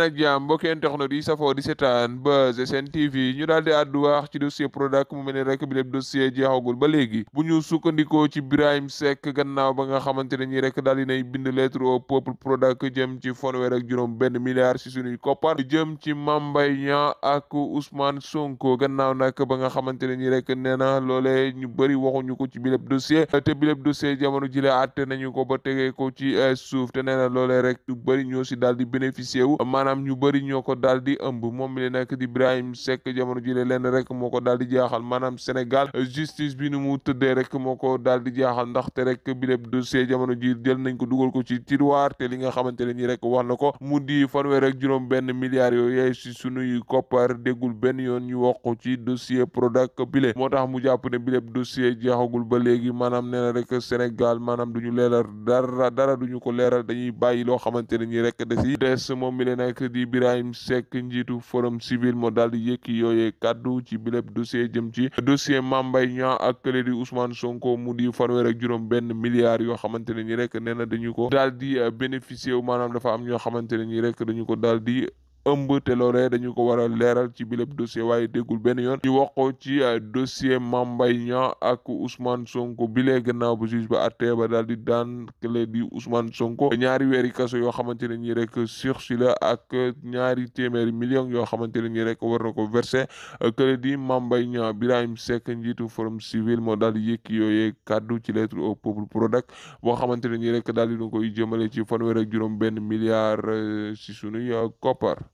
leen ak jàmm mbokki internet yi safoo di seetaan Buzz SN TV ñu daal di àddu wax ci dossier Prodac mu mel ni rek bi lépp dossier jeexagul ba léegi bu ñu sukkandikoo ci Birahim Seck gannaaw ba nga xamante ne ñi rek daal di nay bind lettre au peuple Prodac jëm ci fanweer ak juróom benn milliard si suñuy koppar jëm ci Mame Mbaye Niang ak Ousmane Sonko gannaaw nag ba nga xamante ne ñi rek nee na loolee ñu bëri waxuñu ko ci bi lépp dossier te bi lépp dossier jamono jile àtte nañu ko ba tegee ko ci eh, suuf te nee na loolee rek ñu bëri ñoo daal di bénéficier maanaam ñu bëri ñoo ko daal di ëmb moom mi nekk di Ibrahim Seck jamono jile lenn rek moo ko daal di jaaxal maanaam Sénégal justice bi ni mu tëddee rek moo ko daal di jaaxal ndaxte rek bi lépp dossier jamono ji jël nañ ko dugal ko ci tiroir te li nga xamante ne nii rek wax na ko mu di fanweer ak juróom benn milliards yooyu si sunuy koppar déggul benn yoon ñu wax ko ci dossier Prodac bile moo tax mu jàpp ne bi lépp dossier jeexagul ba léegi maanaam nee rek Sénégal maanaam du ñu leeral du ñu ko leeral dañuy bàyyi loo xamante ne da si des moom mi leen nekk di Birahim Seck njiitu forum civil moo daal di yëkki yooyee kàddu ci bileb dossier jëm ci dossier Mame Mbaye Niang ak kële di Ousmane Sonko mu di fanweer ak juróom benn milliards yoo xamante ne ñi rek nee na dañu ko daal di bénéficier wu maanaam dafa am ñoo xamante ne ñi rek dañu ko daal di ëmb te loolee dañu ko war a leeral ci bileb dossier waaye déggul benn yoon ñu wax ko ci euh, dossier Mame Mbaye Niang ak Ousmane Sonko bilee gannaaw bu juge ba àttee ba daal di daan kële di Ousmane Sonko ñaari weeri kaso yoo xamante ne ñi rek sursis la ak ñaari téeméeri million yoo xamante ne ñi rek war na ko versé euh, kële di Mame Mbaye Niang Birahim Seck njiitu Forum Civil moo daal di yëkki yooyee kaddu ci lettre o peuple Prodac boo xamante ne ñi rek daal di na koy jëmale ci fanweer ak juróom benn milliard euh, si sunuy koppar